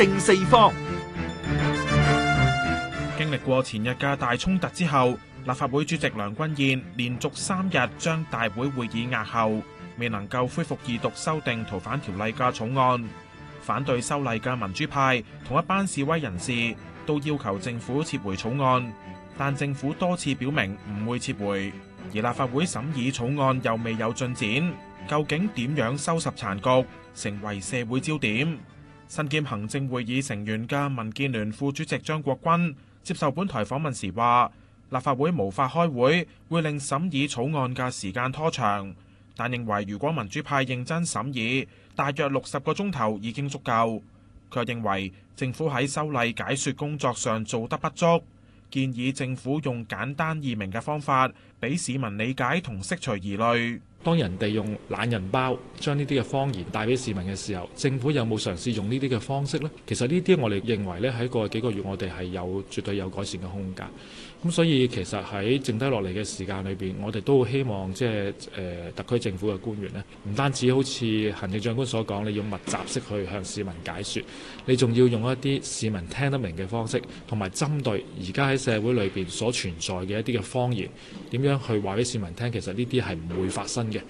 正四方。經歷過前日嘅大衝突之後，立法會主席梁君彥連續三日將大會會議押後，未能夠恢復二讀修訂逃犯條例嘅草案。反對修例嘅民主派同一班示威人士都要求政府撤回草案，但政府多次表明唔會撤回，而立法會審議草案又未有進展，究竟點樣收拾殘局，成為社會焦點？身兼行政會議成員嘅民建聯副主席張國鈞接受本台訪問時話：立法會無法開會，會令審議草案嘅時間拖長，但認為如果民主派認真審議，大約六十個鐘頭已經足夠。佢認為政府喺修例解說工作上做得不足，建議政府用簡單易明嘅方法，俾市民理解同釋除疑慮。當人哋用懶人包將呢啲嘅謊言帶俾市民嘅時候，政府有冇嘗試用呢啲嘅方式呢？其實呢啲我哋認為呢，喺過去幾個月我哋係有絕對有改善嘅空間。咁所以其實喺剩低落嚟嘅時間裏邊，我哋都希望即係、呃、特區政府嘅官員呢，唔單止好似行政長官所講，你要密集式去向市民解說，你仲要用一啲市民聽得明嘅方式，同埋針對而家喺社會裏邊所存在嘅一啲嘅謊言，點樣去話俾市民聽？其實呢啲係唔會發生。嘅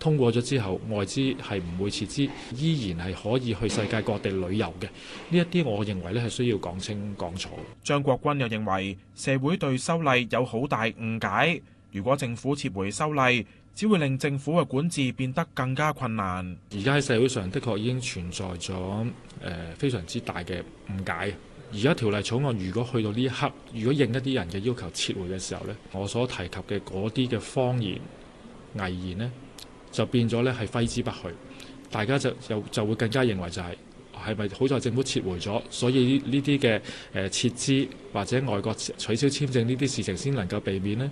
通過咗之後，外資係唔會撤資，依然係可以去世界各地旅遊嘅。呢一啲，我認為咧係需要講清講楚。張國鈞又認為社會對修例有好大誤解，如果政府撤回修例，只會令政府嘅管治變得更加困難。而家喺社會上的確已經存在咗誒非常之大嘅誤解。而家條例草案如果去到呢一刻，如果應一啲人嘅要求撤回嘅時候呢，我所提及嘅嗰啲嘅謊言、危言呢，就變咗咧係揮之不去，大家就又就會更加認為就係係咪好在政府撤回咗，所以呢啲嘅誒撤資或者外國取消簽證呢啲事情先能夠避免呢。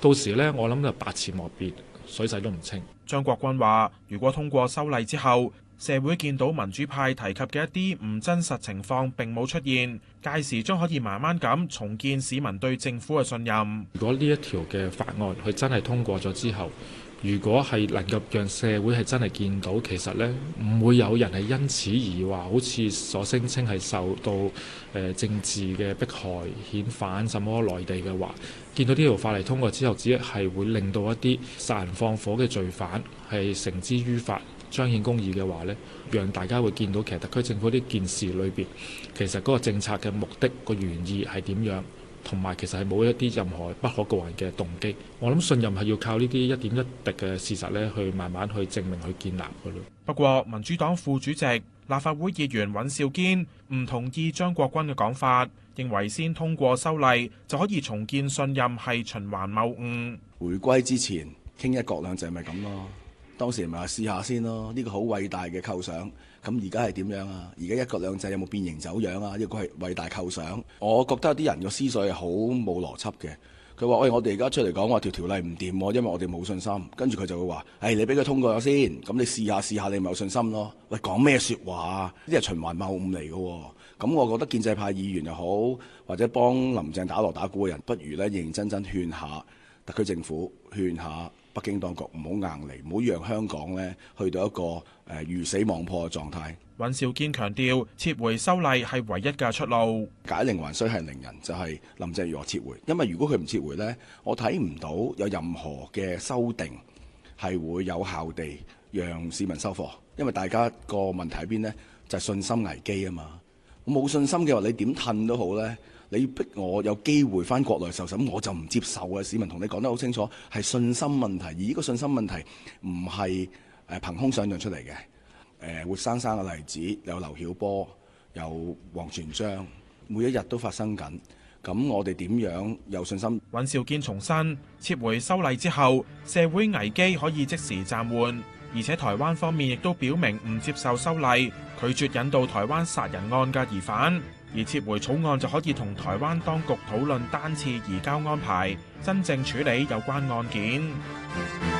到時呢，我諗就百辭莫辯，水洗都唔清。張國鈞話：如果通過修例之後，社會見到民主派提及嘅一啲唔真實情況並冇出現，屆時將可以慢慢咁重建市民對政府嘅信任。如果呢一條嘅法案佢真係通過咗之後，如果係能夠讓社會係真係見到，其實呢唔會有人係因此而話好似所聲稱係受到誒政治嘅迫害、遣返，什麼內地嘅話，見到呢條法例通過之後，只係會令到一啲殺人放火嘅罪犯係繩之於法。彰顯公義嘅話呢，讓大家會見到其實特區政府呢件事裏邊，其實嗰個政策嘅目的個原意係點樣，同埋其實係冇一啲任何不可告人嘅動機。我諗信任係要靠呢啲一點一滴嘅事實呢去慢慢去證明去建立嘅咯。不過，民主黨副主席、立法會議員尹兆堅唔同意張國鈞嘅講法，認為先通過修例就可以重建信任係循環謬誤。回歸之前傾一國兩制咪咁咯。就係當時咪話試下先咯，呢、這個好偉大嘅構想。咁而家係點樣啊？而家一國兩制有冇變形走樣啊？呢、這個係偉大構想。我覺得啲人嘅思緒係好冇邏輯嘅。佢話：喂，我哋而家出嚟講話條條例唔掂，因為我哋冇信心。跟住佢就會話：誒、哎，你俾佢通過咗先，咁你試下試下，你咪有信心咯。喂，講咩説話啊？呢啲係循環謬誤嚟嘅。咁我覺得建制派議員又好，或者幫林鄭打鑼打鼓嘅人，不如咧認真真勸，勸下特區政府，勸下。北京當局唔好硬嚟，唔好讓香港呢去到一個誒魚死網破嘅狀態。尹兆堅強調，撤回修例係唯一嘅出路。解鈴還須繫鈴人，就係、是、林鄭月娥撤回。因為如果佢唔撤回呢，我睇唔到有任何嘅修訂係會有效地讓市民收貨。因為大家個問題喺邊呢？就係、是、信心危機啊嘛。冇信心嘅話，你點褪都好呢。你逼我有機會翻國內受審，我就唔接受啊！市民同你講得好清楚，係信心問題，而呢個信心問題唔係誒憑空想像出嚟嘅。誒、呃、活生生嘅例子有劉曉波，有王全璋，每一日都發生緊。咁我哋點樣有信心？尹兆堅重申，撤回修例之後，社會危機可以即時暫緩，而且台灣方面亦都表明唔接受修例，拒絕引渡台灣殺人案嘅疑犯。而撤回草案就可以同台灣當局討論單次移交安排，真正處理有關案件。